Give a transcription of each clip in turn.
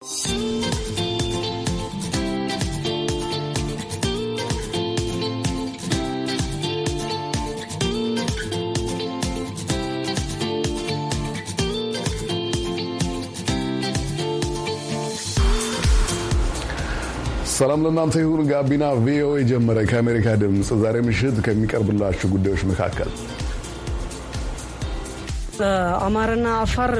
ሰላም ለእናንተ ይሁን። ጋቢና ቪኦኤ ጀመረ። ከአሜሪካ ድምፅ ዛሬ ምሽት ከሚቀርብላችሁ ጉዳዮች መካከል ውስጥ አማራና አፋር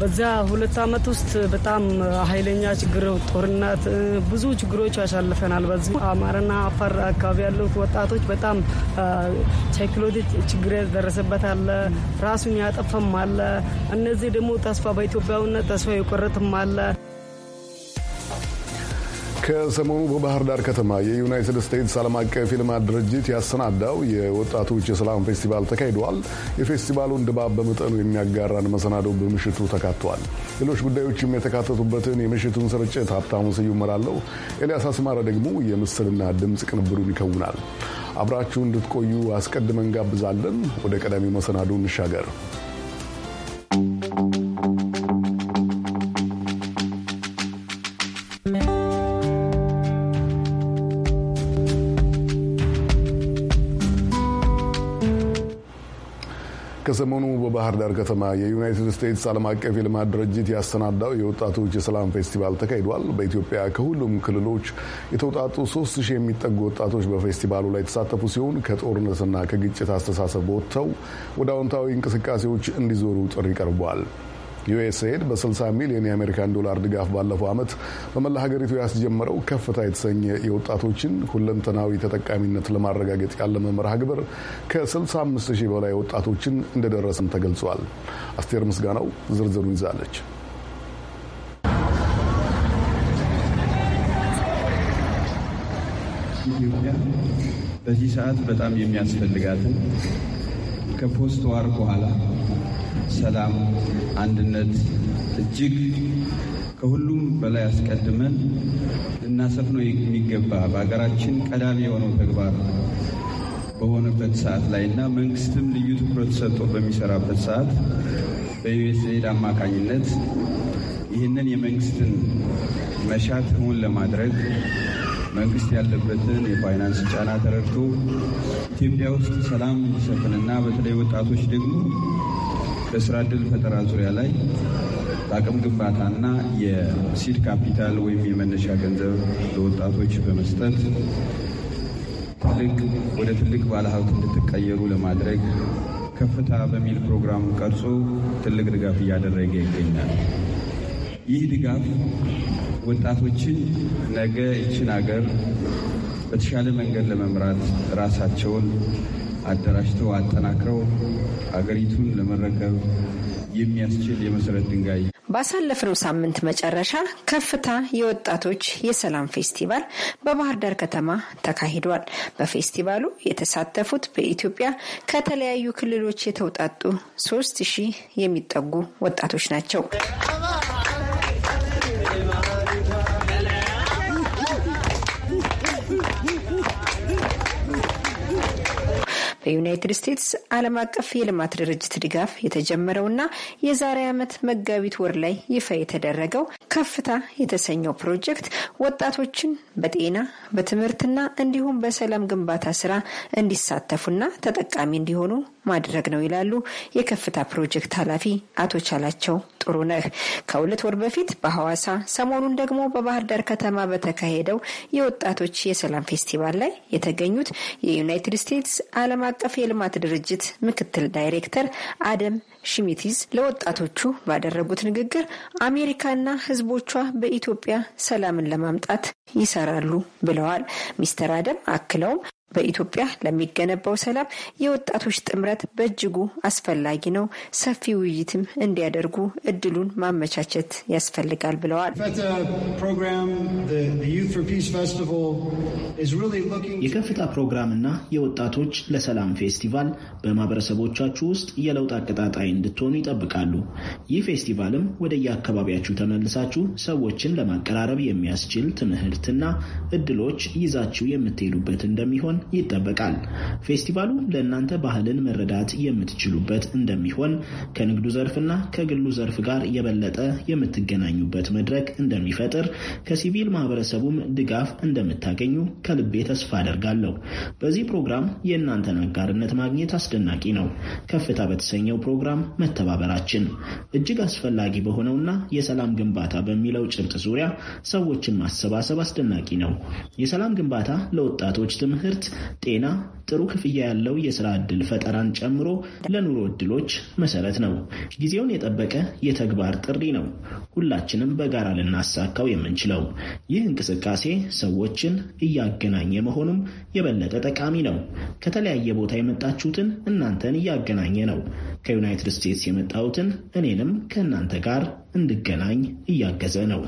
በዚያ ሁለት ዓመት ውስጥ በጣም ኃይለኛ ችግር፣ ጦርነት፣ ብዙ ችግሮች ያሳልፈናል። በዚህ አማራና አፋር አካባቢ ያሉት ወጣቶች በጣም ሳይኮሎጂ ችግር ያደረሰበት አለ፣ ራሱን ያጠፈም አለ። እነዚህ ደግሞ ተስፋ በኢትዮጵያዊነት ተስፋ የቆረጥም አለ። ከሰሞኑ በባህር ዳር ከተማ የዩናይትድ ስቴትስ ዓለም አቀፍ የልማት ድርጅት ያሰናዳው የወጣቶች የሰላም ፌስቲቫል ተካሂደዋል። የፌስቲቫሉን ድባብ በመጠኑ የሚያጋራን መሰናዶ በምሽቱ ተካቷል። ሌሎች ጉዳዮችም የተካተቱበትን የምሽቱን ስርጭት ሀብታሙ ስዩም እመራለሁ። ኤልያስ አስማረ ደግሞ የምስልና ድምፅ ቅንብሩን ይከውናል። አብራችሁ እንድትቆዩ አስቀድመን ጋብዛለን። ወደ ቀዳሚው መሰናዶ እንሻገር። ከሰሞኑ በባህር ዳር ከተማ የዩናይትድ ስቴትስ ዓለም አቀፍ የልማት ድርጅት ያሰናዳው የወጣቶች የሰላም ፌስቲቫል ተካሂዷል። በኢትዮጵያ ከሁሉም ክልሎች የተውጣጡ ሶስት ሺህ የሚጠጉ ወጣቶች በፌስቲቫሉ ላይ የተሳተፉ ሲሆን ከጦርነትና ከግጭት አስተሳሰብ ወጥተው ወደ አዎንታዊ እንቅስቃሴዎች እንዲዞሩ ጥሪ ቀርቧል። ዩኤስኤድ በ60 ሚሊዮን የአሜሪካን ዶላር ድጋፍ ባለፈው ዓመት በመላ ሀገሪቱ ያስጀመረው ከፍታ የተሰኘ የወጣቶችን ሁለንተናዊ ተጠቃሚነት ለማረጋገጥ ያለመ መርሃ ግብር ከ65 ሺህ በላይ ወጣቶችን እንደደረሰም ተገልጿል። አስቴር ምስጋናው ዝርዝሩን ይዛለች። በዚህ ሰዓት በጣም የሚያስፈልጋትን ከፖስት ዋር በኋላ ሰላም፣ አንድነት እጅግ ከሁሉም በላይ አስቀድመን ልናሰፍነው የሚገባ በሀገራችን ቀዳሚ የሆነው ተግባር በሆነበት ሰዓት ላይ እና መንግስትም ልዩ ትኩረት ሰጥቶ በሚሰራበት ሰዓት በዩኤስኤድ አማካኝነት ይህንን የመንግስትን መሻት እውን ለማድረግ መንግስት ያለበትን የፋይናንስ ጫና ተረድቶ ኢትዮጵያ ውስጥ ሰላም እንዲሰፍንና በተለይ ወጣቶች ደግሞ በስራ እድል ፈጠራ ዙሪያ ላይ በአቅም ግንባታና የሲድ ካፒታል ወይም የመነሻ ገንዘብ ለወጣቶች በመስጠት ትልቅ ወደ ትልቅ ባለሀብት እንድትቀየሩ ለማድረግ ከፍታ በሚል ፕሮግራም ቀርጾ ትልቅ ድጋፍ እያደረገ ይገኛል። ይህ ድጋፍ ወጣቶችን ነገ ይችን ሀገር በተሻለ መንገድ ለመምራት ራሳቸውን አደራጅተው አጠናክረው አገሪቱን ለመረከብ የሚያስችል የመሰረት ድንጋይ ባሳለፍነው ሳምንት መጨረሻ ከፍታ የወጣቶች የሰላም ፌስቲቫል በባህር ዳር ከተማ ተካሂዷል። በፌስቲቫሉ የተሳተፉት በኢትዮጵያ ከተለያዩ ክልሎች የተውጣጡ ሶስት ሺህ የሚጠጉ ወጣቶች ናቸው። በዩናይትድ ስቴትስ ዓለም አቀፍ የልማት ድርጅት ድጋፍ የተጀመረውና የዛሬ ዓመት መጋቢት ወር ላይ ይፋ የተደረገው ከፍታ የተሰኘው ፕሮጀክት ወጣቶችን በጤና በትምህርትና እንዲሁም በሰላም ግንባታ ስራ እንዲሳተፉና ተጠቃሚ እንዲሆኑ ማድረግ ነው ይላሉ የከፍታ ፕሮጀክት ኃላፊ አቶ ቻላቸው ጥሩ ነህ። ከሁለት ወር በፊት በሐዋሳ ሰሞኑን ደግሞ በባህር ዳር ከተማ በተካሄደው የወጣቶች የሰላም ፌስቲቫል ላይ የተገኙት የዩናይትድ ስቴትስ ዓለም አቀፍ የልማት ድርጅት ምክትል ዳይሬክተር አደም ሽሚቲዝ ለወጣቶቹ ባደረጉት ንግግር አሜሪካና ሕዝቦቿ በኢትዮጵያ ሰላምን ለማምጣት ይሰራሉ ብለዋል። ሚስተር አደም አክለውም በኢትዮጵያ ለሚገነባው ሰላም የወጣቶች ጥምረት በእጅጉ አስፈላጊ ነው። ሰፊ ውይይትም እንዲያደርጉ እድሉን ማመቻቸት ያስፈልጋል ብለዋል። የከፍታ ፕሮግራምና የወጣቶች ለሰላም ፌስቲቫል በማህበረሰቦቻችሁ ውስጥ የለውጥ አቀጣጣይ እንድትሆኑ ይጠብቃሉ። ይህ ፌስቲቫልም ወደየአካባቢያችሁ ተመልሳችሁ ሰዎችን ለማቀራረብ የሚያስችል ትምህርትና እድሎች ይዛችሁ የምትሄዱበት እንደሚሆን ይጠበቃል። ፌስቲቫሉ ለእናንተ ባህልን መረዳት የምትችሉበት እንደሚሆን ከንግዱ ዘርፍና ከግሉ ዘርፍ ጋር የበለጠ የምትገናኙበት መድረክ እንደሚፈጥር ከሲቪል ማህበረሰቡም ድጋፍ እንደምታገኙ ከልቤ ተስፋ አደርጋለሁ። በዚህ ፕሮግራም የእናንተን አጋርነት ማግኘት አስደናቂ ነው። ከፍታ በተሰኘው ፕሮግራም መተባበራችን እጅግ አስፈላጊ በሆነውና የሰላም ግንባታ በሚለው ጭብጥ ዙሪያ ሰዎችን ማሰባሰብ አስደናቂ ነው። የሰላም ግንባታ ለወጣቶች ትምህርት ጤና፣ ጥሩ ክፍያ ያለው የስራ ዕድል ፈጠራን ጨምሮ ለኑሮ ዕድሎች መሰረት ነው። ጊዜውን የጠበቀ የተግባር ጥሪ ነው። ሁላችንም በጋራ ልናሳካው የምንችለው ይህ እንቅስቃሴ ሰዎችን እያገናኘ መሆኑም የበለጠ ጠቃሚ ነው። ከተለያየ ቦታ የመጣችሁትን እናንተን እያገናኘ ነው። ከዩናይትድ ስቴትስ የመጣሁትን እኔንም ከእናንተ ጋር እንድገናኝ እያገዘ ነው።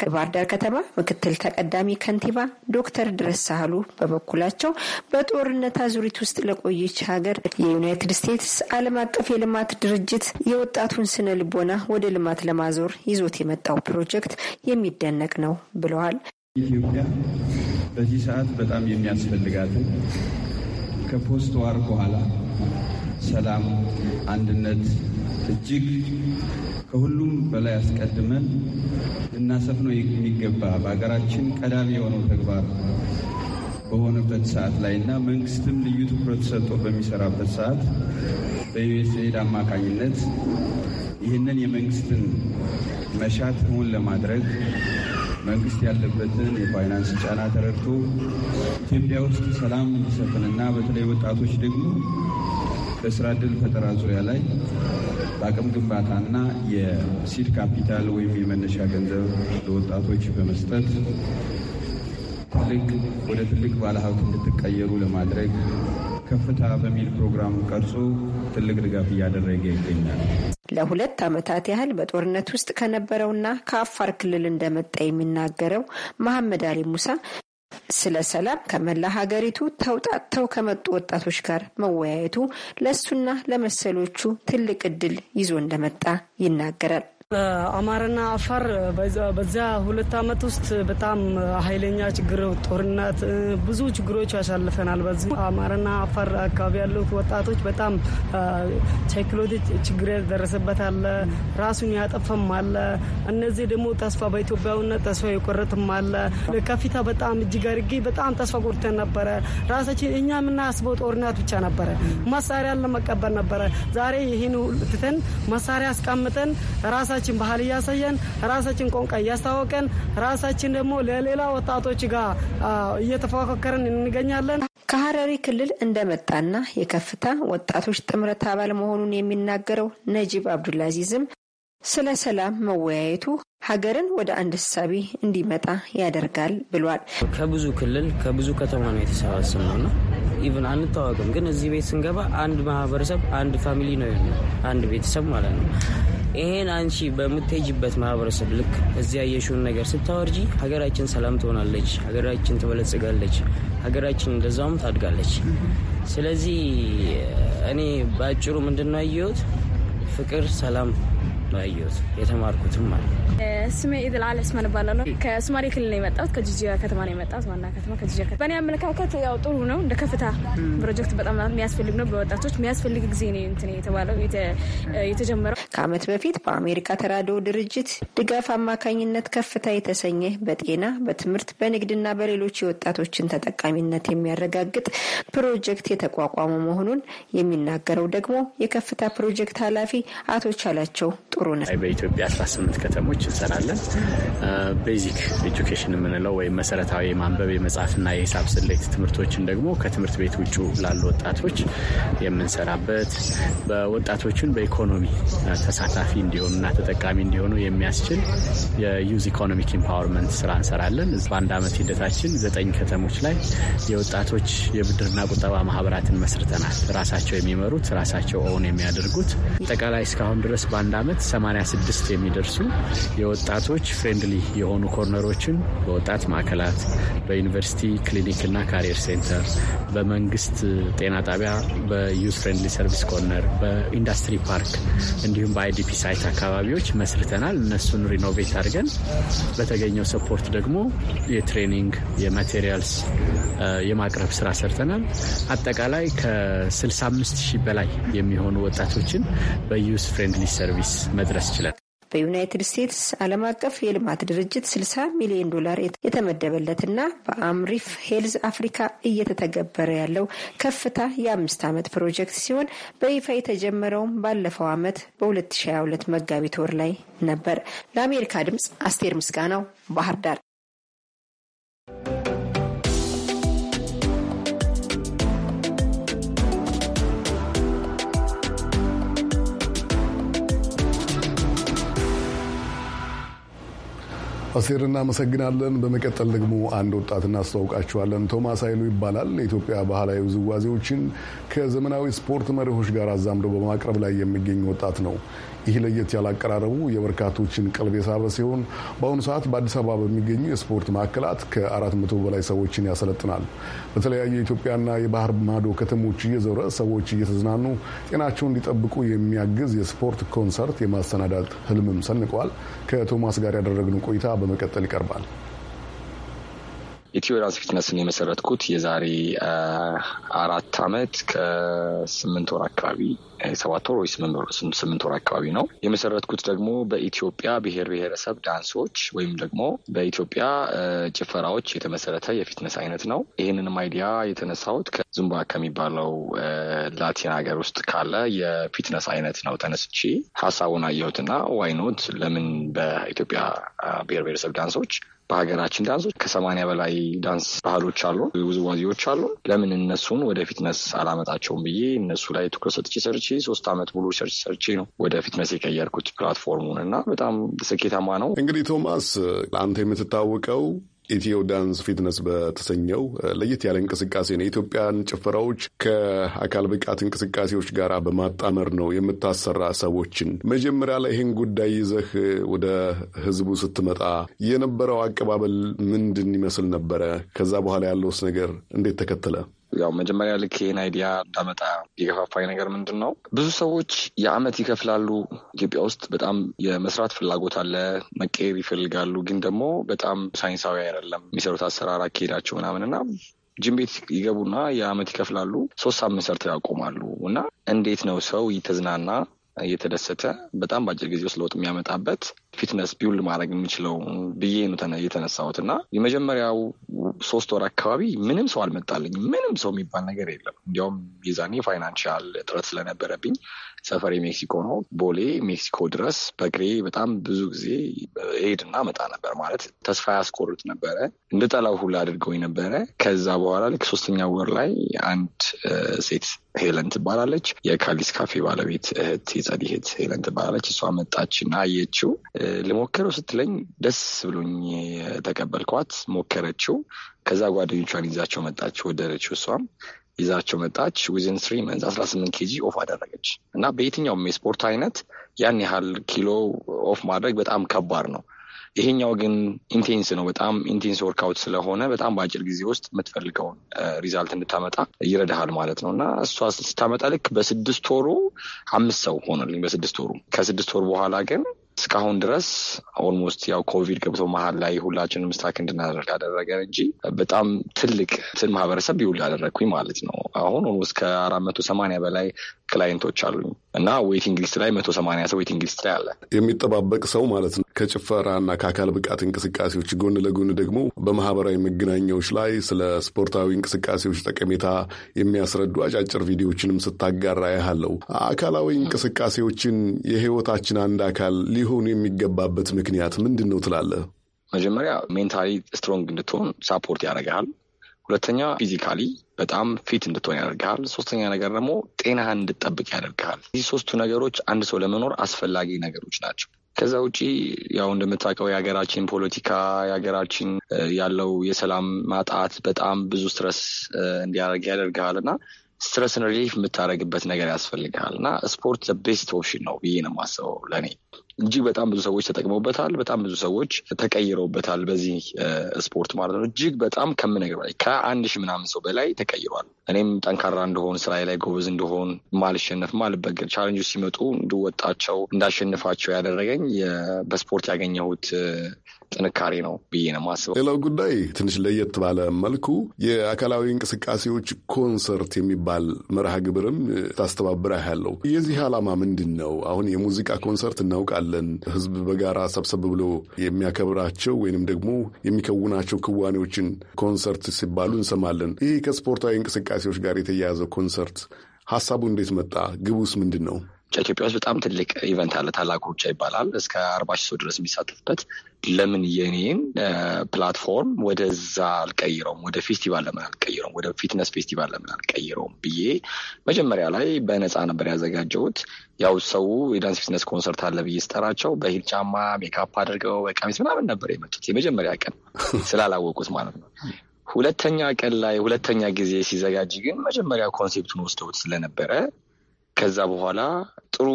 ከባህር ዳር ከተማ ምክትል ተቀዳሚ ከንቲባ ዶክተር ድረስ ሳህሉ በበኩላቸው በጦርነት አዙሪት ውስጥ ለቆየች ሀገር የዩናይትድ ስቴትስ ዓለም አቀፍ የልማት ድርጅት የወጣቱን ስነ ልቦና ወደ ልማት ለማዞር ይዞት የመጣው ፕሮጀክት የሚደነቅ ነው ብለዋል። ኢትዮጵያ በዚህ ሰዓት በጣም የሚያስፈልጋትን ከፖስት ዋር በኋላ ሰላም፣ አንድነት እጅግ ከሁሉም በላይ አስቀድመን ልናሰፍነው የሚገባ በሀገራችን ቀዳሚ የሆነው ተግባር በሆነበት ሰዓት ላይ እና መንግስትም ልዩ ትኩረት ሰጥቶ በሚሰራበት ሰዓት በዩኤስኤድ አማካኝነት ይህንን የመንግስትን መሻት እውን ለማድረግ መንግስት ያለበትን የፋይናንስ ጫና ተረድቶ ኢትዮጵያ ውስጥ ሰላም እንዲሰፍንና በተለይ ወጣቶች ደግሞ በስራ እድል ፈጠራ ዙሪያ ላይ በአቅም ግንባታና የሲድ ካፒታል ወይም የመነሻ ገንዘብ ለወጣቶች በመስጠት ትልቅ ወደ ትልቅ ባለሀብት እንድትቀየሩ ለማድረግ ከፍታ በሚል ፕሮግራም ቀርጾ ትልቅ ድጋፍ እያደረገ ይገኛል። ለሁለት ዓመታት ያህል በጦርነት ውስጥ ከነበረውና ከአፋር ክልል እንደመጣ የሚናገረው መሐመድ አሊ ሙሳ ስለ ሰላም ከመላ ሀገሪቱ ተውጣጥተው ከመጡ ወጣቶች ጋር መወያየቱ ለእሱና ለመሰሎቹ ትልቅ እድል ይዞ እንደመጣ ይናገራል። አማራና አፋር በዛ ሁለት ዓመት ውስጥ በጣም ኃይለኛ ችግር፣ ጦርነት፣ ብዙ ችግሮች ያሳልፈናል። በዚህ አማራና አፋር አካባቢ ያሉት ወጣቶች በጣም ሳይክሎጂ ችግር ደረሰበት አለ፣ ራሱን ያጠፈም አለ። እነዚህ ደግሞ ተስፋ በኢትዮጵያዊነት ተስፋ የቆረጥም አለ። ከፊታ በጣም እጅግ አድርጌ በጣም ተስፋ ቆርተን ነበረ። ራሳችን እኛ የምናስበው ጦርነት ብቻ ነበረ፣ መሳሪያ ለመቀበል ነበረ። ዛሬ ይህን ትተን መሳሪያ አስቀምጠን ራሳ ራሳችን ባህል እያሳየን ራሳችን ቋንቋ እያስታወቀን ራሳችን ደግሞ ለሌላ ወጣቶች ጋር እየተፎካከርን እንገኛለን። ከሀረሪ ክልል እንደመጣና የከፍታ ወጣቶች ጥምረት አባል መሆኑን የሚናገረው ነጂብ አብዱልአዚዝም ስለ ሰላም መወያየቱ ሀገርን ወደ አንድ ሳቢ እንዲመጣ ያደርጋል ብሏል። ከብዙ ክልል ከብዙ ከተማ ነው የተሰባሰብ ነው ና ኢቨን አንታወቅም፣ ግን እዚህ ቤት ስንገባ አንድ ማህበረሰብ አንድ ፋሚሊ ነው፣ አንድ ቤተሰብ ማለት ነው። ይሄን አንቺ በምትሄጅበት ማህበረሰብ ልክ እዚያ የሽውን ነገር ስታወርጂ ሀገራችን ሰላም ትሆናለች፣ ሀገራችን ትበለጽጋለች፣ ሀገራችን እንደዛውም ታድጋለች። ስለዚህ እኔ በአጭሩ ምንድን ነው ያየሁት ፍቅር፣ ሰላም ነው ያየሁት የተማርኩትም ማለት ነው። ስሜ ኢድልአል ስማን እባላለሁ። ከሶማሌ ክልል ነው የመጣሁት። ከጂጂያ ከተማ ነው የመጣሁት። ዋና ከተማ ከጂጂያ ከተማ። በእኔ አመለካከት ያው ጥሩ ነው። እንደ ከፍታ ፕሮጀክት በጣም የሚያስፈልግ ነው። በወጣቶች የሚያስፈልግ ጊዜ ነው እንትን የተባለው የተጀመረው። ከአመት በፊት በአሜሪካ ተራድኦ ድርጅት ድጋፍ አማካኝነት ከፍታ የተሰኘ በጤና በትምህርት በንግድና በሌሎች የወጣቶችን ተጠቃሚነት የሚያረጋግጥ ፕሮጀክት የተቋቋመ መሆኑን የሚናገረው ደግሞ የከፍታ ፕሮጀክት ኃላፊ አቶ ቻላቸው ጥሩ ነው። በኢትዮጵያ 18 ከተሞች እንሰራለን። ቤዚክ ኤጁኬሽን የምንለው ወይም መሰረታዊ የማንበብ የመጻፍና የሂሳብ ስሌት ትምህርቶችን ደግሞ ከትምህርት ቤት ውጭ ላሉ ወጣቶች የምንሰራበት ወጣቶችን በኢኮኖሚ ተሳታፊ እንዲሆኑና ተጠቃሚ እንዲሆኑ የሚያስችል የዩዝ ኢኮኖሚክ ኢምፓወርመንት ስራ እንሰራለን። በአንድ ዓመት ሂደታችን ዘጠኝ ከተሞች ላይ የወጣቶች የብድርና ቁጠባ ማህበራትን መስርተናል። ራሳቸው የሚመሩት ራሳቸው ኦውን የሚያደርጉት አጠቃላይ እስካሁን ድረስ በአንድ ዓመት 86 የሚደርሱ የወጣቶች ፍሬንድሊ የሆኑ ኮርነሮችን በወጣት ማዕከላት፣ በዩኒቨርሲቲ ክሊኒክና ካሪየር ሴንተር፣ በመንግስት ጤና ጣቢያ በዩዝ ፍሬንድሊ ሰርቪስ ኮርነር፣ በኢንዱስትሪ ፓርክ እንዲሁም በአይዲፒ ሳይት አካባቢዎች መስርተናል። እነሱን ሪኖቬት አድርገን በተገኘው ሰፖርት ደግሞ የትሬኒንግ የማቴሪያልስ የማቅረብ ስራ ሰርተናል። አጠቃላይ ከ65 ሺህ በላይ የሚሆኑ ወጣቶችን በዩዝ ፍሬንድሊ ሰርቪስ መድረስ ይችላል። በዩናይትድ ስቴትስ ዓለም አቀፍ የልማት ድርጅት 60 ሚሊዮን ዶላር የተመደበለትና በአምሪፍ ሄልዝ አፍሪካ እየተተገበረ ያለው ከፍታ የአምስት ዓመት ፕሮጀክት ሲሆን በይፋ የተጀመረውም ባለፈው ዓመት በ2022 መጋቢት ወር ላይ ነበር። ለአሜሪካ ድምፅ አስቴር ምስጋናው ባህር ዳር። አሴር እናመሰግናለን። በመቀጠል ደግሞ አንድ ወጣት እናስተዋውቃችኋለን። ቶማስ ኃይሉ ይባላል። የኢትዮጵያ ባህላዊ ውዝዋዜዎችን ከዘመናዊ ስፖርት መሪሆች ጋር አዛምዶ በማቅረብ ላይ የሚገኝ ወጣት ነው። ይህ ለየት ያለ አቀራረቡ የበርካቶችን ቀልብ የሳበ ሲሆን በአሁኑ ሰዓት በአዲስ አበባ በሚገኙ የስፖርት ማዕከላት ከ መቶ በላይ ሰዎችን ያሰለጥናል። በተለያዩ የኢትዮጵያና የባህር ማዶ ከተሞች እየዞረ ሰዎች እየተዝናኑ ጤናቸውን እንዲጠብቁ የሚያግዝ የስፖርት ኮንሰርት የማሰናዳት ህልምም ሰንቀዋል። ከቶማስ ጋር ያደረግነው ቆይታ በመቀጠል ይቀርባል። ኢትዮ ዳንስ ፊትነስን የመሰረትኩት የዛሬ አራት ዓመት ከስምንት ወር አካባቢ ሰባት ወር ወይ ስምንት ወር አካባቢ ነው የመሰረትኩት ደግሞ በኢትዮጵያ ብሔር ብሔረሰብ ዳንሶች ወይም ደግሞ በኢትዮጵያ ጭፈራዎች የተመሰረተ የፊትነስ አይነት ነው። ይህንንም አይዲያ የተነሳሁት ከዙምባ ከሚባለው ላቲን ሀገር ውስጥ ካለ የፊትነስ አይነት ነው ተነስቼ ሀሳቡን አየሁትና ዋይኖት ለምን በኢትዮጵያ ብሔር ብሔረሰብ ዳንሶች በሀገራችን ዳንሶች ከሰማንያ በላይ ዳንስ ባህሎች አሉ፣ ውዝዋዜዎች አሉ። ለምን እነሱን ወደ ፊትነስ አላመጣቸውም ብዬ እነሱ ላይ ትኩረት ሰጥቼ ሰርቼ ሶስት ዓመት ሙሉ ሰርች ሰርቼ ነው ወደ ፊትነስ የቀየርኩት ፕላትፎርሙን እና በጣም ስኬታማ ነው። እንግዲህ ቶማስ፣ ለአንተ የምትታወቀው ኢትዮ ዳንስ ፊትነስ በተሰኘው ለየት ያለ እንቅስቃሴ ነው። የኢትዮጵያን ጭፈራዎች ከአካል ብቃት እንቅስቃሴዎች ጋር በማጣመር ነው የምታሰራ ሰዎችን። መጀመሪያ ላይ ይህን ጉዳይ ይዘህ ወደ ህዝቡ ስትመጣ የነበረው አቀባበል ምንድን ይመስል ነበረ? ከዛ በኋላ ያለውስ ነገር እንዴት ተከተለ? ያው መጀመሪያ ልክ ይህን አይዲያ እንዳመጣ የገፋፋኝ ነገር ምንድን ነው? ብዙ ሰዎች የአመት ይከፍላሉ። ኢትዮጵያ ውስጥ በጣም የመስራት ፍላጎት አለ፣ መቀየር ይፈልጋሉ። ግን ደግሞ በጣም ሳይንሳዊ አይደለም የሚሰሩት አሰራር አካሄዳቸው ምናምን እና ጅም ቤት ይገቡና የአመት ይከፍላሉ፣ ሶስት ሳምንት ሰርተው ያቆማሉ። እና እንዴት ነው ሰው እየተዝናና እየተደሰተ በጣም በአጭር ጊዜ ውስጥ ለውጥ የሚያመጣበት ፊትነስ ቢውል ማድረግ የምችለው ብዬ ነው የተነሳሁት እና የመጀመሪያው ሶስት ወር አካባቢ ምንም ሰው አልመጣልኝ። ምንም ሰው የሚባል ነገር የለም። እንዲያውም የዛኔ ፋይናንሻል እጥረት ስለነበረብኝ ሰፈር ሜክሲኮ ነው። ቦሌ ሜክሲኮ ድረስ በግሬ በጣም ብዙ ጊዜ ሄድና መጣ ነበር። ማለት ተስፋ ያስቆርጥ ነበረ። እንደ ጠላው አድርገው ነበረ። ከዛ በኋላ ልክ ሶስተኛ ወር ላይ አንድ ሴት ሄለን ትባላለች፣ የካሊስ ካፌ ባለቤት እህት የጸድ እህት ሄለን ትባላለች። እሷ እና አየችው። ልሞክረው ስትለኝ ደስ ብሎኝ የተቀበልኳት ሞከረችው። ከዛ ጓደኞቿን ይዛቸው መጣች፣ ወደረችው። እሷም ይዛቸው መጣች። ዊዝን ስሪ መንዝ አስራ ስምንት ኬጂ ኦፍ አደረገች እና በየትኛውም የስፖርት አይነት ያን ያህል ኪሎ ኦፍ ማድረግ በጣም ከባድ ነው። ይሄኛው ግን ኢንቴንስ ነው። በጣም ኢንቴንስ ወርካውት ስለሆነ በጣም በአጭር ጊዜ ውስጥ የምትፈልገውን ሪዛልት እንድታመጣ ይረዳሃል ማለት ነው እና እሷ ስታመጣ ልክ በስድስት ወሩ አምስት ሰው ሆነልኝ በስድስት ወሩ ከስድስት ወር በኋላ ግን እስካሁን ድረስ ኦልሞስት ያው ኮቪድ ገብቶ መሀል ላይ ሁላችንም ስታክ እንድናደርግ ያደረገ እንጂ በጣም ትልቅ ትን ማህበረሰብ ቢውል ያደረግኩኝ ማለት ነው። አሁን ኦልሞስት ከአራት መቶ ሰማኒያ በላይ ክላይንቶች አሉኝ እና ዌይቲንግ ሊስት ላይ መቶ ሰማኒያ ሰው ዌይቲንግ ሊስት ላይ አለ። የሚጠባበቅ ሰው ማለት ነው። ከጭፈራና ከአካል ብቃት እንቅስቃሴዎች ጎን ለጎን ደግሞ በማህበራዊ መገናኛዎች ላይ ስለ ስፖርታዊ እንቅስቃሴዎች ጠቀሜታ የሚያስረዱ አጫጭር ቪዲዮዎችንም ስታጋራ ያህለው አካላዊ እንቅስቃሴዎችን የህይወታችን አንድ አካል ሊሆን የሚገባበት ምክንያት ምንድን ነው ትላለህ? መጀመሪያ ሜንታሊ ስትሮንግ እንድትሆን ሳፖርት ያደርግሃል። ሁለተኛ ፊዚካሊ በጣም ፊት እንድትሆን ያደርግሃል። ሶስተኛ ነገር ደግሞ ጤናህን እንድጠብቅ ያደርግሃል። እዚህ ሶስቱ ነገሮች አንድ ሰው ለመኖር አስፈላጊ ነገሮች ናቸው። ከዛ ውጪ ያው እንደምታውቀው የሀገራችን ፖለቲካ የሀገራችን ያለው የሰላም ማጣት በጣም ብዙ ስትረስ እንዲያደርግ ያደርግሃል እና ስትረስን ሪሊፍ የምታደርግበት ነገር ያስፈልግሃል እና ስፖርት ቤስት ኦፕሽን ነው ብዬ ነው የማስበው ለእኔ። እጅግ በጣም ብዙ ሰዎች ተጠቅመውበታል። በጣም ብዙ ሰዎች ተቀይረውበታል በዚህ ስፖርት ማለት ነው። እጅግ በጣም ከምነገር በላይ ከአንድ ሺህ ምናምን ሰው በላይ ተቀይሯል። እኔም ጠንካራ እንደሆን፣ ስራዬ ላይ ጎበዝ እንደሆን፣ ማልሸነፍ፣ ማልበገር፣ ቻለንጆች ሲመጡ እንድወጣቸው እንዳሸንፋቸው ያደረገኝ በስፖርት ያገኘሁት ጥንካሬ ነው ብዬ ነው ማስበው። ሌላው ጉዳይ ትንሽ ለየት ባለ መልኩ የአካላዊ እንቅስቃሴዎች ኮንሰርት የሚባል መርሃ ግብርም ታስተባብራ ያለው የዚህ ዓላማ ምንድን ነው? አሁን የሙዚቃ ኮንሰርት እናውቃለን። ህዝብ በጋራ ሰብሰብ ብሎ የሚያከብራቸው ወይንም ደግሞ የሚከውናቸው ክዋኔዎችን ኮንሰርት ሲባሉ እንሰማለን። ይህ ከስፖርታዊ እንቅስቃሴዎች ጋር የተያያዘ ኮንሰርት ሀሳቡ እንዴት መጣ? ግቡስ ምንድን ነው? ኢትዮጵያ ውስጥ በጣም ትልቅ ኢቨንት አለ። ታላቁ ሩጫ ይባላል። እስከ አርባ ሺህ ሰው ድረስ የሚሳተፍበት ለምን የኔን ፕላትፎርም ወደዛ አልቀይረውም? ወደ ፌስቲቫል ለምን አልቀይረውም? ወደ ፊትነስ ፌስቲቫል ለምን አልቀይረውም ብዬ መጀመሪያ ላይ በነፃ ነበር ያዘጋጀሁት። ያው ሰው የዳንስ ፊትነስ ኮንሰርት አለ ብዬ ስጠራቸው በሂል ጫማ ሜካፕ አድርገው በቀሚስ ምናምን ነበር የመጡት። የመጀመሪያ ቀን ስላላወቁት ማለት ነው። ሁለተኛ ቀን ላይ ሁለተኛ ጊዜ ሲዘጋጅ ግን መጀመሪያ ኮንሴፕቱን ወስደውት ስለነበረ ከዛ በኋላ ጥሩ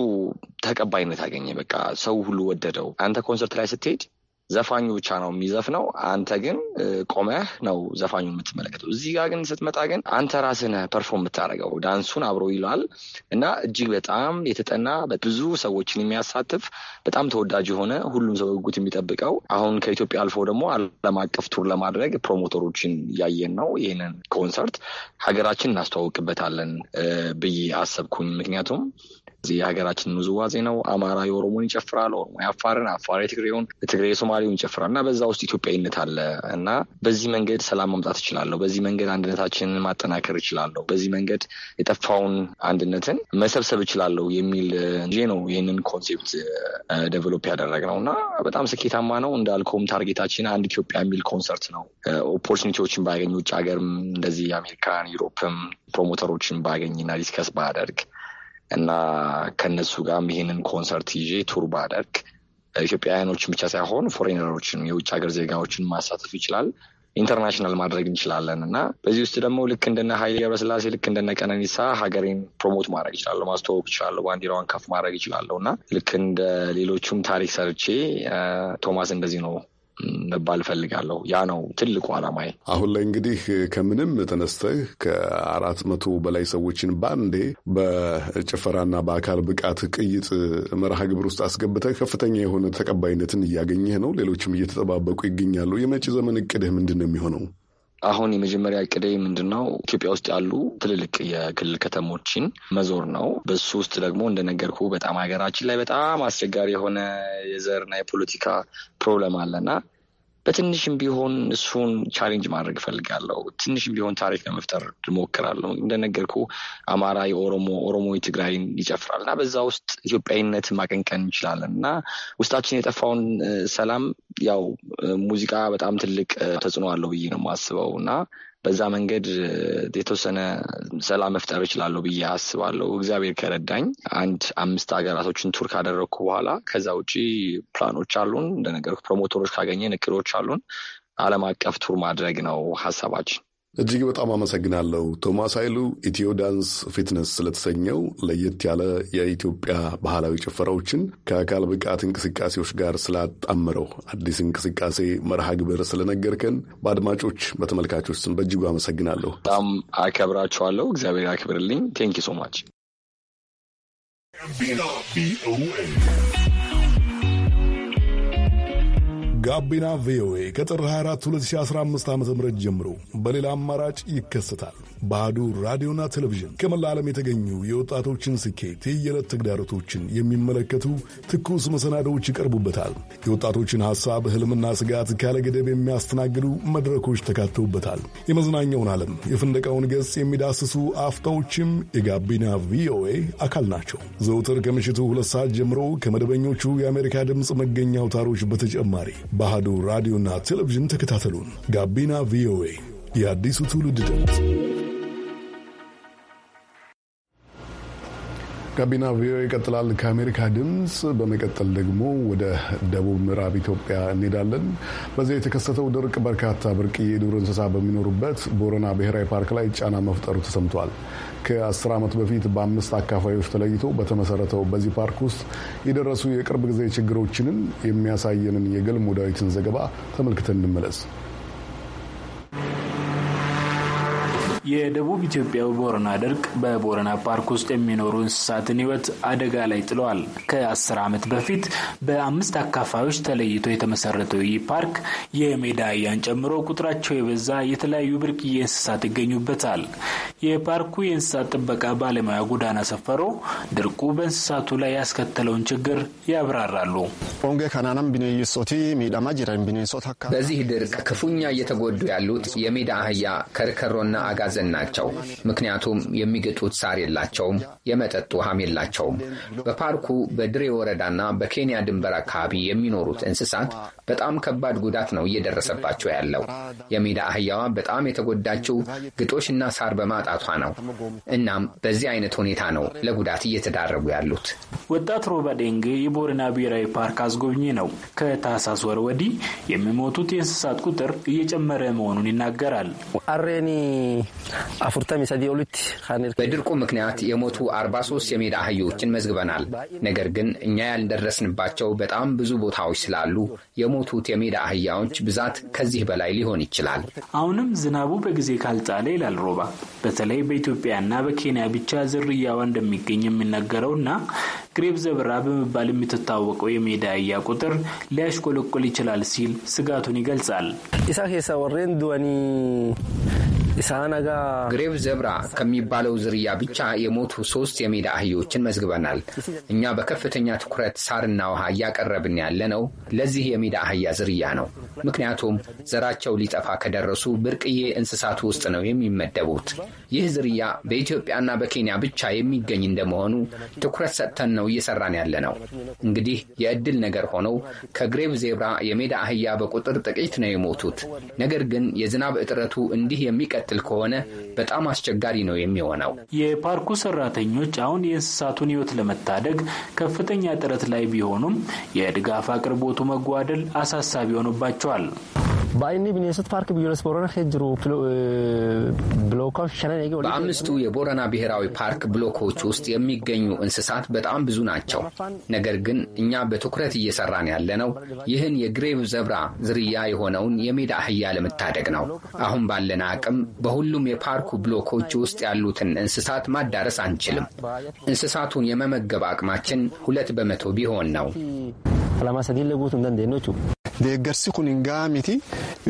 ተቀባይነት አገኘ። በቃ ሰው ሁሉ ወደደው። አንተ ኮንሰርት ላይ ስትሄድ ዘፋኙ ብቻ ነው የሚዘፍነው። አንተ ግን ቆመህ ነው ዘፋኙ የምትመለከተው። እዚህ ጋር ግን ስትመጣ ግን አንተ ራስህ ነህ ፐርፎርም የምታደርገው። ዳንሱን አብሮ ይሏል እና እጅግ በጣም የተጠና ብዙ ሰዎችን የሚያሳትፍ በጣም ተወዳጅ የሆነ ሁሉም ሰው ጉጉት የሚጠብቀው አሁን ከኢትዮጵያ አልፎ ደግሞ ዓለም አቀፍ ቱር ለማድረግ ፕሮሞተሮችን እያየን ነው። ይህንን ኮንሰርት ሀገራችን እናስተዋውቅበታለን ብዬ አሰብኩኝ። ምክንያቱም እዚህ የሀገራችን ውዝዋዜ ነው። አማራ የኦሮሞን ይጨፍራል፣ ኦሮሞ የአፋርን፣ አፋር የትግሬውን፣ ትግሬ የሶማሌውን ይጨፍራል እና በዛ ውስጥ ኢትዮጵያዊነት አለ እና በዚህ መንገድ ሰላም ማምጣት እችላለሁ፣ በዚህ መንገድ አንድነታችንን ማጠናከር እችላለሁ፣ በዚህ መንገድ የጠፋውን አንድነትን መሰብሰብ እችላለሁ የሚል እንጂ ነው ይህንን ኮንሴፕት ደቨሎፕ ነው እና በጣም ስኬታማ ነው። እንዳልከውም ታርጌታችን አንድ ኢትዮጵያ የሚል ኮንሰርት ነው። ኦፖርቹኒቲዎችን uh, ባያገኝ ውጭ ሀገርም እንደዚህ አሜሪካን ዩሮፕም ፕሮሞተሮችን ባገኝና ዲስከስ ባያደርግ እና ከነሱ ጋርም ይህንን ኮንሰርት ይዤ ቱር ባደርግ ኢትዮጵያውያኖችን ብቻ ሳይሆን ፎሬነሮችን የውጭ ሀገር ዜጋዎችን ማሳተፍ ይችላል፣ ኢንተርናሽናል ማድረግ እንችላለን እና በዚህ ውስጥ ደግሞ ልክ እንደነ ኃይሌ ገብረስላሴ ልክ እንደነ ቀነኒሳ ሀገሬን ፕሮሞት ማድረግ ይችላለሁ፣ ማስተዋወቅ ይችላለሁ፣ ባንዲራዋን ከፍ ማድረግ ይችላለሁ እና ልክ እንደ ሌሎቹም ታሪክ ሰርቼ ቶማስ እንደዚህ ነው መባል እፈልጋለሁ። ያ ነው ትልቁ አላማዬ። አሁን ላይ እንግዲህ ከምንም ተነስተህ ከአራት መቶ በላይ ሰዎችን በአንዴ በጭፈራና በአካል ብቃት ቅይጥ መርሃ ግብር ውስጥ አስገብተህ ከፍተኛ የሆነ ተቀባይነትን እያገኘህ ነው። ሌሎችም እየተጠባበቁ ይገኛሉ። የመጪ ዘመን እቅድህ ምንድን ነው የሚሆነው? አሁን የመጀመሪያ እቅዴ ምንድን ነው? ኢትዮጵያ ውስጥ ያሉ ትልልቅ የክልል ከተሞችን መዞር ነው። በሱ ውስጥ ደግሞ እንደነገርኩ በጣም ሀገራችን ላይ በጣም አስቸጋሪ የሆነ የዘርና የፖለቲካ ፕሮብለም አለና በትንሽም ቢሆን እሱን ቻሌንጅ ማድረግ እፈልጋለሁ። ትንሽም ቢሆን ታሪክ ለመፍጠር እሞክራለሁ። እንደነገርኩ አማራ የኦሮሞ ኦሮሞ የትግራይን ይጨፍራል እና በዛ ውስጥ ኢትዮጵያዊነት ማቀንቀን እንችላለን እና ውስጣችን የጠፋውን ሰላም ያው ሙዚቃ በጣም ትልቅ ተጽዕኖ አለው ብዬ ነው የማስበው እና በዛ መንገድ የተወሰነ ሰላም መፍጠር እችላለሁ ብዬ አስባለሁ። እግዚአብሔር ከረዳኝ አንድ አምስት ሀገራቶችን ቱር ካደረግኩ በኋላ ከዛ ውጭ ፕላኖች አሉን። እንደነገርኩ ፕሮሞተሮች ካገኘን እቅዶች አሉን። ዓለም አቀፍ ቱር ማድረግ ነው ሀሳባችን። እጅግ በጣም አመሰግናለሁ ቶማስ ኃይሉ። ኢትዮ ዳንስ ፊትነስ ስለተሰኘው ለየት ያለ የኢትዮጵያ ባህላዊ ጭፈራዎችን ከአካል ብቃት እንቅስቃሴዎች ጋር ስላጣምረው አዲስ እንቅስቃሴ መርሃ ግብር ስለነገርከን በአድማጮች በተመልካቾች ስም በእጅጉ አመሰግናለሁ። በጣም አከብራችኋለሁ። እግዚአብሔር አክብርልኝ ቴንኪ ሶ ጋቢና ቪኦኤ ከጥር 24 2015 ዓ ም ጀምሮ በሌላ አማራጭ ይከሰታል። ባህዱ ራዲዮና ቴሌቪዥን ከመላ ዓለም የተገኙ የወጣቶችን ስኬት፣ የየዕለት ተግዳሮቶችን የሚመለከቱ ትኩስ መሰናዶዎች ይቀርቡበታል። የወጣቶችን ሐሳብ፣ ሕልምና ስጋት ካለገደብ የሚያስተናግዱ መድረኮች ተካተውበታል። የመዝናኛውን ዓለም፣ የፍንደቃውን ገጽ የሚዳስሱ አፍታዎችም የጋቢና ቪኦኤ አካል ናቸው። ዘውትር ከምሽቱ ሁለት ሰዓት ጀምሮ ከመደበኞቹ የአሜሪካ ድምፅ መገኛ አውታሮች በተጨማሪ በአህዱ ራዲዮና ቴሌቪዥን ተከታተሉን። ጋቢና ቪኦኤ የአዲሱ ትውልድ ድምፅ። ጋቢና ቪኦኤ ይቀጥላል። ከአሜሪካ ድምፅ በመቀጠል ደግሞ ወደ ደቡብ ምዕራብ ኢትዮጵያ እንሄዳለን። በዚያ የተከሰተው ድርቅ በርካታ ብርቅዬ የዱር እንስሳ በሚኖሩበት ቦረና ብሔራዊ ፓርክ ላይ ጫና መፍጠሩ ተሰምቷል። ከ10 ዓመት በፊት በአምስት አካፋዮች ተለይቶ በተመሰረተው በዚህ ፓርክ ውስጥ የደረሱ የቅርብ ጊዜ ችግሮችንን የሚያሳየንን የገልሞ ዳዊትን ዘገባ ተመልክተን እንመለስ። የደቡብ ኢትዮጵያው ቦረና ድርቅ በቦረና ፓርክ ውስጥ የሚኖሩ እንስሳትን ሕይወት አደጋ ላይ ጥለዋል። ከአስር ዓመት በፊት በአምስት አካፋዮች ተለይቶ የተመሰረተው ይህ ፓርክ የሜዳ አህያን ጨምሮ ቁጥራቸው የበዛ የተለያዩ ብርቅዬ እንስሳት ይገኙበታል። የፓርኩ የእንስሳት ጥበቃ ባለሙያ ጎዳና ሰፈሮ ድርቁ በእንስሳቱ ላይ ያስከተለውን ችግር ያብራራሉ። በዚህ ድርቅ ክፉኛ እየተጎዱ ያሉት የሜዳ አህያ፣ ከርከሮና አጋዘ ማዕዘን ናቸው። ምክንያቱም የሚግጡት ሳር የላቸውም፣ የመጠጥ ውሃም የላቸውም። በፓርኩ በድሬ ወረዳና በኬንያ ድንበር አካባቢ የሚኖሩት እንስሳት በጣም ከባድ ጉዳት ነው እየደረሰባቸው ያለው። የሜዳ አህያዋ በጣም የተጎዳችው ግጦሽና ሳር በማጣቷ ነው። እናም በዚህ አይነት ሁኔታ ነው ለጉዳት እየተዳረጉ ያሉት። ወጣት ሮባ ዴንግ የቦረና ብሔራዊ ፓርክ አስጎብኚ ነው። ከታህሳስ ወር ወዲህ የሚሞቱት የእንስሳት ቁጥር እየጨመረ መሆኑን ይናገራል። አሬኒ አፉርታሚ ሰዲ ኦሊት በድርቁ ምክንያት የሞቱ 43 የሜዳ አህዮችን መዝግበናል። ነገር ግን እኛ ያልደረስንባቸው በጣም ብዙ ቦታዎች ስላሉ የሞቱት የሜዳ አህያዎች ብዛት ከዚህ በላይ ሊሆን ይችላል። አሁንም ዝናቡ በጊዜ ካልጣለ ይላል ሮባ። በተለይ በኢትዮጵያና በኬንያ ብቻ ዝርያዋ እንደሚገኝ የሚነገረውና ግሬብ ዘብራ በመባል የምትታወቀው የሜዳ አህያ ቁጥር ሊያሽቆለቆል ይችላል ሲል ስጋቱን ይገልጻል። ኢሳ ሳ ወሬን ግሬቭ ዘብራ ከሚባለው ዝርያ ብቻ የሞቱ ሶስት የሜዳ አህዮችን መዝግበናል። እኛ በከፍተኛ ትኩረት ሳርና ውሃ እያቀረብን ያለነው ለዚህ የሜዳ አህያ ዝርያ ነው። ምክንያቱም ዘራቸው ሊጠፋ ከደረሱ ብርቅዬ እንስሳት ውስጥ ነው የሚመደቡት። ይህ ዝርያ በኢትዮጵያና በኬንያ ብቻ የሚገኝ እንደመሆኑ ትኩረት ሰጥተን ነው እየሰራን ያለ ነው። እንግዲህ የእድል ነገር ሆነው ከግሬቭ ዜብራ የሜዳ አህያ በቁጥር ጥቂት ነው የሞቱት። ነገር ግን የዝናብ እጥረቱ እንዲህ የሚቀ የሚቀጥል ከሆነ በጣም አስቸጋሪ ነው የሚሆነው። የፓርኩ ሰራተኞች አሁን የእንስሳቱን ህይወት ለመታደግ ከፍተኛ ጥረት ላይ ቢሆኑም የድጋፍ አቅርቦቱ መጓደል አሳሳቢ ሆኖባቸዋል። በአምስቱ የቦረና ብሔራዊ ፓርክ ብሎኮች ውስጥ የሚገኙ እንስሳት በጣም ብዙ ናቸው። ነገር ግን እኛ በትኩረት እየሰራን ያለነው ይህን የግሬቭ ዘብራ ዝርያ የሆነውን የሜዳ አህያ ለመታደግ ነው። አሁን ባለን አቅም በሁሉም የፓርኩ ብሎኮች ውስጥ ያሉትን እንስሳት ማዳረስ አንችልም። እንስሳቱን የመመገብ አቅማችን ሁለት በመቶ ቢሆን ነው። deeggarsi kun hin gahamiti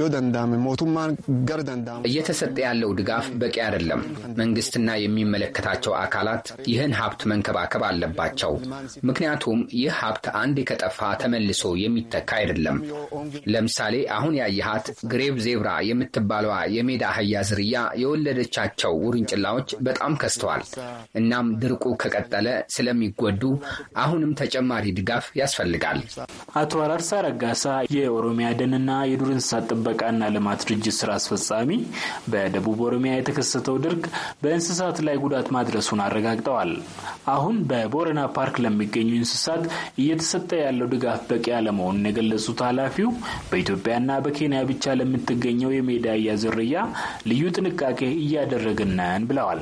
yoo danda'ame mootummaan gara እየተሰጠ ያለው ድጋፍ በቂ አይደለም። መንግስትና የሚመለከታቸው አካላት ይህን ሀብት መንከባከብ አለባቸው። ምክንያቱም ይህ ሀብት አንድ ከጠፋ ተመልሶ የሚተካ አይደለም። ለምሳሌ አሁን ያየሃት ግሬቭ ዜብራ የምትባለዋ የሜዳ አህያ ዝርያ የወለደቻቸው ውርንጭላዎች በጣም ከስተዋል። እናም ድርቁ ከቀጠለ ስለሚጎዱ አሁንም ተጨማሪ ድጋፍ ያስፈልጋል። አቶ አራርሳ ረጋሳ የኦሮሚያ ደንና የዱር እንስሳት ጥበቃና ልማት ድርጅት ስራ አስፈጻሚ በደቡብ ኦሮሚያ የተከሰተው ድርቅ በእንስሳት ላይ ጉዳት ማድረሱን አረጋግጠዋል። አሁን በቦረና ፓርክ ለሚገኙ እንስሳት እየተሰጠ ያለው ድጋፍ በቂ አለመሆኑን የገለጹት ኃላፊው በኢትዮጵያና በኬንያ ብቻ ለምትገኘው የሜዳያ ዝርያ ልዩ ጥንቃቄ እያደረግነን ብለዋል።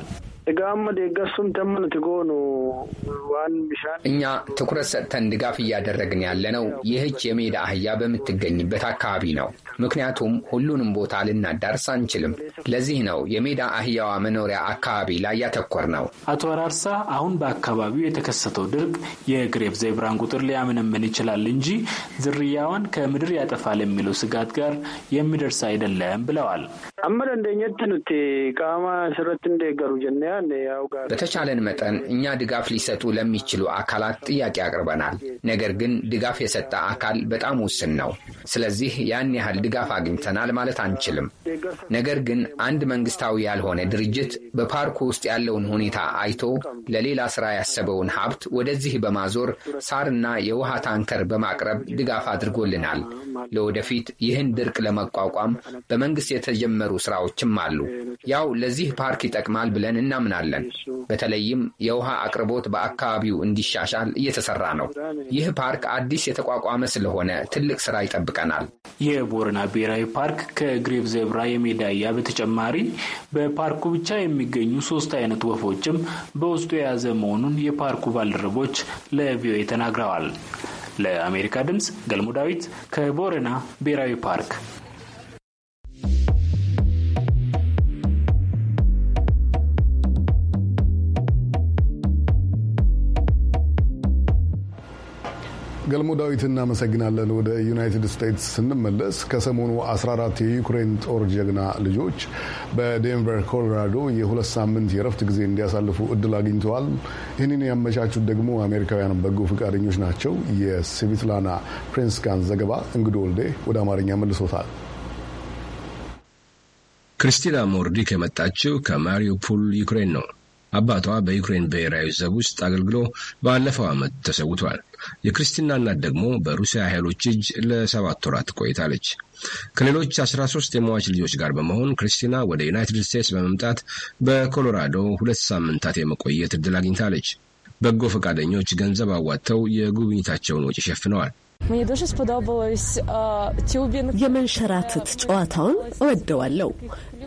እኛ ትኩረት ሰጥተን ድጋፍ እያደረግን ያለነው ይህች የሜዳ አህያ በምትገኝበት አካባቢ ነው። ምክንያቱም ሁሉንም ቦታ ልናዳርስ አንችልም። ለዚህ ነው የሜዳ አህያዋ መኖሪያ አካባቢ ላይ ያተኮር ነው። አቶ አራርሳ አሁን በአካባቢው የተከሰተው ድርቅ የግሬፕ ዘይብራን ቁጥር ሊያመነምን ይችላል እንጂ ዝርያዋን ከምድር ያጠፋል የሚለው ስጋት ጋር የሚደርስ አይደለም ብለዋል። አመ dandeenyatti nuti qaama asirratti hin በተቻለን መጠን እኛ ድጋፍ ሊሰጡ ለሚችሉ አካላት ጥያቄ አቅርበናል። ነገር ግን ድጋፍ የሰጠ አካል በጣም ውስን ነው። ስለዚህ ያን ያህል ድጋፍ አግኝተናል ማለት አንችልም። ነገር ግን አንድ መንግስታዊ ያልሆነ ድርጅት በፓርኩ ውስጥ ያለውን ሁኔታ አይቶ ለሌላ ስራ ያሰበውን ሀብት ወደዚህ በማዞር ሳርና የውሃ ታንከር በማቅረብ ድጋፍ አድርጎልናል። ለወደፊት ይህን ድርቅ ለመቋቋም በመንግስት የተጀመሩ የሚሰሩ ስራዎችም አሉ። ያው ለዚህ ፓርክ ይጠቅማል ብለን እናምናለን። በተለይም የውሃ አቅርቦት በአካባቢው እንዲሻሻል እየተሰራ ነው። ይህ ፓርክ አዲስ የተቋቋመ ስለሆነ ትልቅ ስራ ይጠብቀናል። የቦረና ብሔራዊ ፓርክ ከግሬቭ ዘብራ የሜዳያ በተጨማሪ በፓርኩ ብቻ የሚገኙ ሶስት አይነት ወፎችም በውስጡ የያዘ መሆኑን የፓርኩ ባልደረቦች ለቪኦኤ ተናግረዋል። ለአሜሪካ ድምፅ ገልሞ ዳዊት ከቦረና ብሔራዊ ፓርክ ገልሞ ዳዊት እናመሰግናለን። ወደ ዩናይትድ ስቴትስ ስንመለስ ከሰሞኑ 14 የዩክሬን ጦር ጀግና ልጆች በዴንቨር ኮሎራዶ የሁለት ሳምንት የረፍት ጊዜ እንዲያሳልፉ እድል አግኝተዋል። ይህንን ያመቻቹት ደግሞ አሜሪካውያን በጎ ፈቃደኞች ናቸው። የስቪትላና ፕሬንስካን ዘገባ እንግዶ ወልዴ ወደ አማርኛ መልሶታል። ክርስቲና ሞርዲክ የመጣችው ከማሪውፖል ዩክሬን ነው። አባቷ በዩክሬን ብሔራዊ ዘብ ውስጥ አገልግሎ ባለፈው ዓመት ተሰውቷል። የክርስትና እናት ደግሞ በሩሲያ ኃይሎች እጅ ለሰባት ወራት ቆይታለች። ከሌሎች 13 የሟች ልጆች ጋር በመሆን ክርስቲና ወደ ዩናይትድ ስቴትስ በመምጣት በኮሎራዶ ሁለት ሳምንታት የመቆየት እድል አግኝታለች። በጎ ፈቃደኞች ገንዘብ አዋጥተው የጉብኝታቸውን ወጪ ሸፍነዋል። የመንሸራተት ጨዋታውን እወደዋለሁ።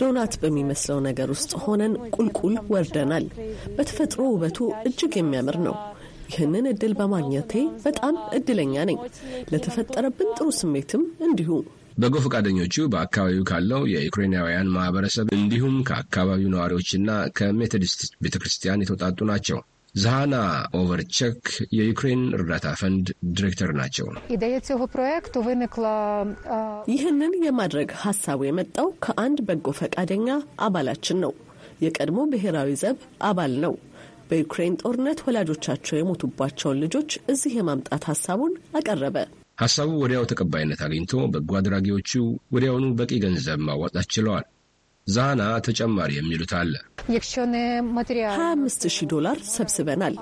ዶናት በሚመስለው ነገር ውስጥ ሆነን ቁልቁል ወርደናል። በተፈጥሮ ውበቱ እጅግ የሚያምር ነው። ይህንን እድል በማግኘቴ በጣም እድለኛ ነኝ። ለተፈጠረብን ጥሩ ስሜትም እንዲሁ። በጎ ፈቃደኞቹ በአካባቢው ካለው የዩክሬናውያን ማህበረሰብ እንዲሁም ከአካባቢው ነዋሪዎችና ከሜቶዲስት ቤተ ክርስቲያን የተውጣጡ ናቸው። ዛሃና ኦቨርቸክ የዩክሬን እርዳታ ፈንድ ዲሬክተር ናቸው። ይህንን የማድረግ ሀሳቡ የመጣው ከአንድ በጎ ፈቃደኛ አባላችን ነው። የቀድሞ ብሔራዊ ዘብ አባል ነው። በዩክሬን ጦርነት ወላጆቻቸው የሞቱባቸውን ልጆች እዚህ የማምጣት ሀሳቡን አቀረበ። ሀሳቡ ወዲያው ተቀባይነት አግኝቶ በጎ አድራጊዎቹ ወዲያውኑ በቂ ገንዘብ ማዋጣት ችለዋል። ዛና ተጨማሪ የሚሉት አለ። 25 ሺህ ዶላር ሰብስበናል።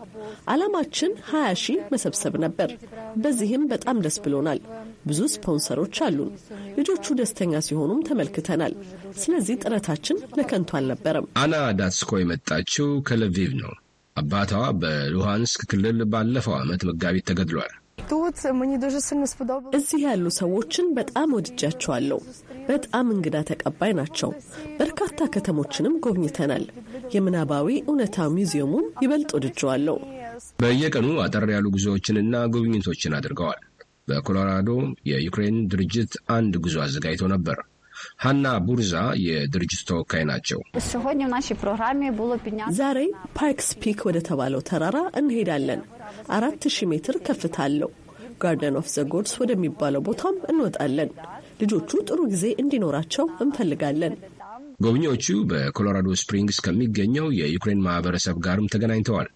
አላማችን 20 ሺህ መሰብሰብ ነበር። በዚህም በጣም ደስ ብሎናል። ብዙ ስፖንሰሮች አሉን። ልጆቹ ደስተኛ ሲሆኑም ተመልክተናል። ስለዚህ ጥረታችን ለከንቱ አልነበረም። አና ዳስኮ የመጣችው ከለቪቭ ነው። አባቷ በሉሃንስክ ክልል ባለፈው ዓመት መጋቢት ተገድሏል። እዚህ ያሉ ሰዎችን በጣም ወድጃቸዋለሁ። በጣም እንግዳ ተቀባይ ናቸው። በርካታ ከተሞችንም ጎብኝተናል። የምናባዊ እውነታ ሙዚየሙም ይበልጥ ወድጀዋለሁ። በየቀኑ አጠር ያሉ ጉዞዎችንና ጉብኝቶችን አድርገዋል። በኮሎራዶ የዩክሬን ድርጅት አንድ ጉዞ አዘጋጅቶ ነበር። ሀና ቡርዛ የድርጅቱ ተወካይ ናቸው። ዛሬ ፓይክስ ፒክ ወደ ተባለው ተራራ እንሄዳለን። አራት ሺህ ሜትር ከፍታ አለው። ጋርደን ኦፍ ዘ ጎድስ ወደሚባለው ቦታም እንወጣለን። ልጆቹ ጥሩ ጊዜ እንዲኖራቸው እንፈልጋለን። ጎብኚዎቹ በኮሎራዶ ስፕሪንግስ ከሚገኘው የዩክሬን ማህበረሰብ ጋርም ተገናኝተዋል።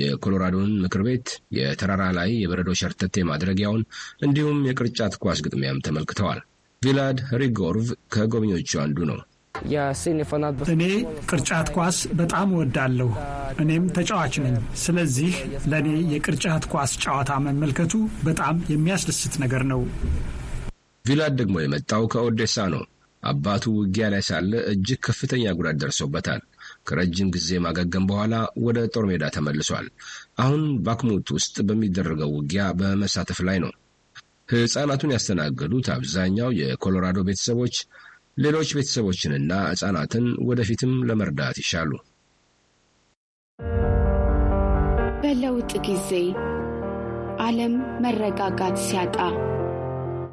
የኮሎራዶን ምክር ቤት፣ የተራራ ላይ የበረዶ ሸርተቴ ማድረጊያውን እንዲሁም የቅርጫት ኳስ ግጥሚያም ተመልክተዋል። ቪላድ ሪጎርቭ ከጎብኚዎቹ አንዱ ነው። እኔ ቅርጫት ኳስ በጣም እወዳለሁ። እኔም ተጫዋች ነኝ። ስለዚህ ለእኔ የቅርጫት ኳስ ጨዋታ መመልከቱ በጣም የሚያስደስት ነገር ነው። ቪላድ ደግሞ የመጣው ከኦዴሳ ነው። አባቱ ውጊያ ላይ ሳለ እጅግ ከፍተኛ ጉዳት ደርሶበታል። ከረጅም ጊዜ ማገገም በኋላ ወደ ጦር ሜዳ ተመልሷል። አሁን ባክሙት ውስጥ በሚደረገው ውጊያ በመሳተፍ ላይ ነው። ሕፃናቱን ያስተናገዱት አብዛኛው የኮሎራዶ ቤተሰቦች ሌሎች ቤተሰቦችንና ሕፃናትን ወደፊትም ለመርዳት ይሻሉ። በለውጥ ጊዜ ዓለም መረጋጋት ሲያጣ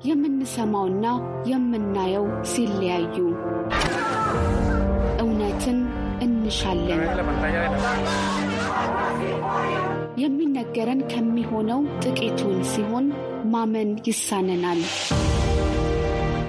የምንሰማውና የምናየው ሲለያዩ እውነትን እንሻለን። የሚነገረን ከሚሆነው ጥቂቱን ሲሆን ማመን ይሳነናል።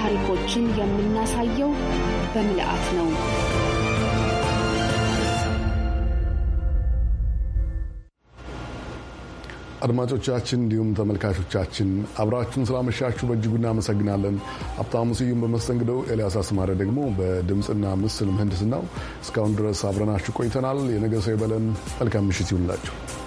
ታሪኮችን የምናሳየው በምልአት ነው። አድማጮቻችን እንዲሁም ተመልካቾቻችን አብራችሁን ስላመሻችሁ በእጅጉ እናመሰግናለን። ሀብታሙ ስዩም በመስተንግደው፣ ኤልያስ አስማረ ደግሞ በድምፅና ምስል ምህንድስናው እስካሁን ድረስ አብረናችሁ ቆይተናል። የነገ ሰው ይበለን። መልካም ምሽት ይሁንላችሁ።